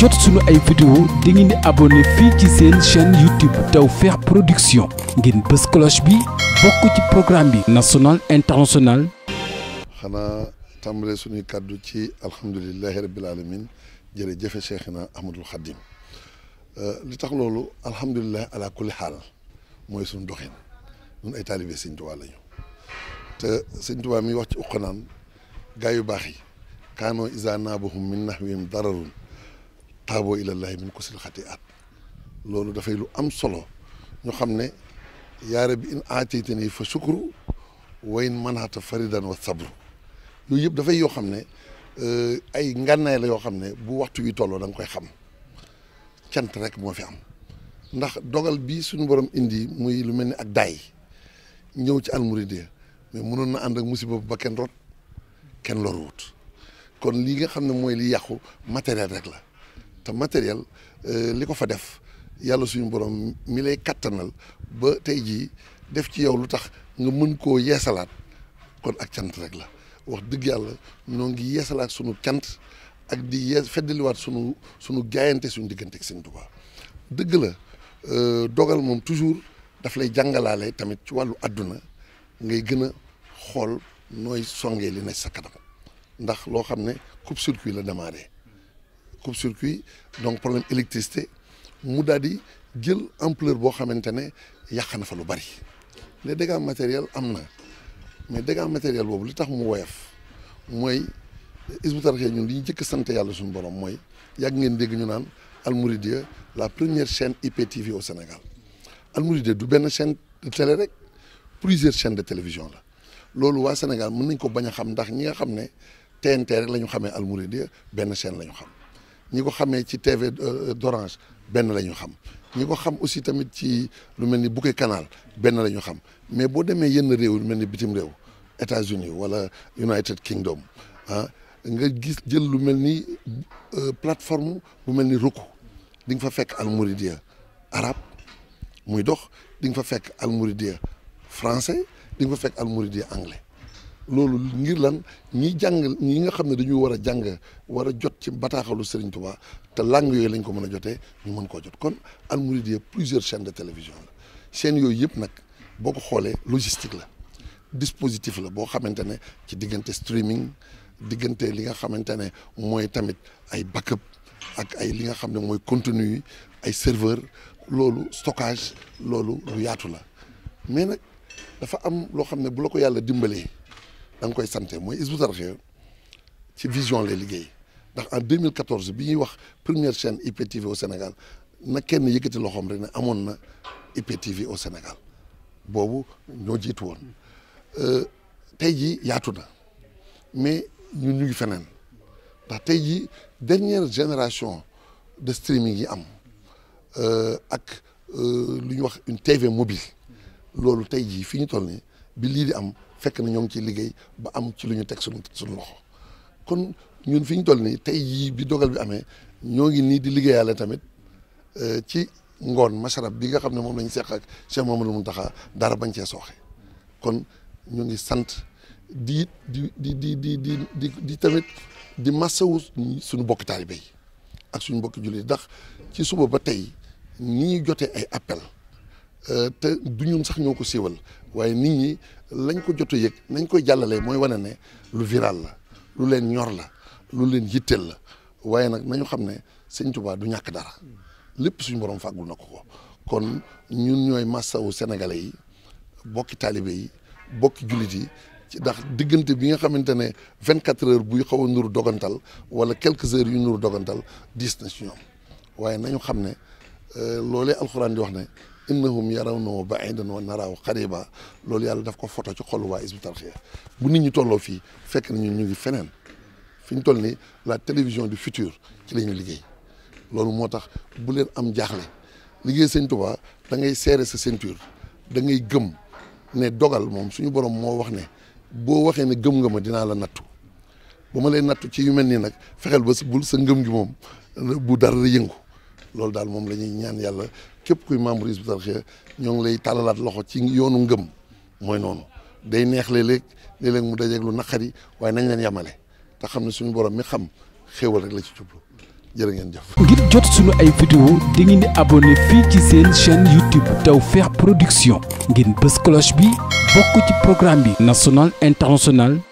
jot suñu ay vidéo da ngeen di abonné fii ci seen chaîne YouTube Tawfekh Production ngeen bës cloche bi bokk ci programme bi national international xanaa tàmbale suñuy kàddu ci alhamdulilahi rabbil alamin jërëjëfe Cheikhina Ahmadul Khadim euh, li tax loolu alhamdulilahi ala kulli xaal mooy suñu doxin ñun ay taalibe Sëñ Tuubaa lañu te Sëñ Tuubaa mi wax ci uqanaan gaa yu baax yi kaanoo isa naabuhum min nahwim dararun taaboo ilallahi min ko sil xati at loolu dafay lu am solo ñu xam ne yaa rabbi in aataytani fa sukru wa in manaata faridan sabru yooyu yëpp dafay yoo xam ne euh, ay ngànnaay la yoo xam ne bu waxtu wi tolloo da koy xam cant rek moo fi am ndax dogal bi suñu borom indi muy lu mel ni ak daay ñëw ci almouride mais mënoon na ànd ak musiba ba kenn rot kenn loruwut kon lii nga xam ne mooy li yàqu matériel rek la te matériel euh, li ko fa def yàlla suñu borom mi lay kattanal ba tey jii def ci yow lu tax nga mën koo yeesalaat kon ak cant rek la wax dëgg yàlla ñoo ngi yeesalaat suñu cant ak di yees feddaliwaat sunu suñu gaayante suñu diggante ak Sëñ Tuubaa dëgg la euh, dogal moom toujours daf lay jàngalaale tamit ci wàllu àdduna ngay gën a xool nooy songee li nekk sa kanam ndax loo xam ne coupe-circuit la démarré. coupe-circuit donc problème électricité mu daal di jël empleur boo xamante ne yàq na fa lu bari les dégâts matériels am na mais dégâts matériel boobu li tax mu woyof mooy Hizbut Tarqiyyah ñun li ñu jëkk sant yàlla suñu borom mooy yàgg ngeen dégg ñu naan Al la première chaîne IPTV au Sénégal Al du benn chaîne de télé rek plusieurs chaînes de télévision la loolu waa Sénégal mën nañ ko bañ a xam ndax ñi nga xam ne TNT rek la ñu xamee Al Mouridiyyah benn chaîne la ñu xam. ñi ko xamee ci TV euh, euh, d'Orange benn la ñu xam ñi ko xam aussi tamit ci lu mel ni bouquet kanaal benn la ñu xam mais boo demee yenn réew lu mel ni bitim réew États-Unis wala United Kingdom ah nga gis jël lu mel ni euh, plateforme bu mel ni Roku di nga fa fekk Al Mouridiyyah arabe muy dox di fa fekk Al Mouridiyyah français di fa fekk Al Mouridiyyah anglais loolu ngir lan ñi jàng ñi nga xam ne dañuy war a jàng war a jot ci bataaxalu Serigne Touba te langue yooyu lañ ko mën a jotee ñu mën koo jot kon Al Mouridiyyah plusieurs chaînes de télévision la chaînes yooyu yëpp nag boo ko xoolee logistique la dispositif la boo xamante ne ci diggante streaming diggante li nga xamante ne mooy tamit ay backup ak ay li nga xam ne mooy contenu ay serveur loolu stockage loolu lu yaatu la mais nag dafa am loo xam ne bu la ko yàlla dimbalee. da koy sante mooy Hizbut Tarqiyyah ci vision lay liggéey ndax en 2014 bi ñuy wax première chaîne IPTV au Sénégal na kenn yëkkati loxom rek ne amoon na IPTV au Sénégal boobu ñoo jiitu woon euh, tey jii yaatu na mais ñun ñu ngi feneen ndax tey jii dernière génération de streaming yi am euh, ak euh, lu ñuy wax une TV mobile loolu tey jii fi ñu toll nii bi lii di am. fekk na ñoo ngi ciy liggéey ba am ci lu ñu teg suñu suñu loxo kon ñun fi ñu toll nii tey jii bi dogal bi amee ñoo ngi nii di liggéeyaale tamit euh, ci ngoon masarab bi nga xam ne moom lañ seq ak Cheikh Mamadou Mountakha dara bañ cee sooxe kon ñu ngi sant di di di di di di di di tamit di massawu suñu bokki taalibe ak suñu bokki jullit ndax ci suba ba tey ni ñuy jotee ay appel euh, te du ñun sax ñoo ko siiwal waaye nit ñi lañ ko jot a yëg nañ koy jàllalee mooy wane ne lu viral la lu leen ñor la lu leen yitteel la waaye nag nañu xam ne sëñ Tuubaa du ñàkk dara lépp suñu borom fàggul na ko ko kon ñun ñooy wu sénégalais yi bokki taalibe yi bokki jullit yi ci ndax diggante bi nga xamante ne vingt quatre heures buy xaw a nuru dogantal wala quelques heures yu nuru dogantal diis na ci waaye nañu xam ne euh, loolee alxuraan di wax ne innahum yarawnahu ba'idan wa naraahu qariba loolu yàlla daf ko foto ci xolu waa Hizbut Tarqiyyah bu nit ñi tolloo fii fekk nañu ñu ngi feneen fi ñu toll nii la télévision du futur ci la ñu liggéey loolu moo tax bu leen am jaaxle liggéey Sëñ Tuubaa da ngay serrer sa ceinture da ngay gëm ne dogal moom suñu borom moo wax ne boo waxee ne gëm nga ma dinaa la nattu ba ma lay nattu ci yu mel nii nag fexeel ba sa bul sa ngëm gi moom bu dara yëngu loolu daal moom la ñuy ñaan yàlla képp kuy membre Hizbut-Tarqiyyah ñoo ngi lay tàllalaat loxo ci yoonu ngëm mooy noonu day neex léeg-léeg léeg-léeg mu dajeeg lu naqari waaye nañ leen yemale te xam ne suñu borom mi xam xéewal rek la ci jublu jërë ngeen jëf. ngir jot suñu ay vidéo di ngeen di abonné fii ci seen chaîne YouTube Tawfekh Production ngeen bës cloche bi bokk ci programme bi national international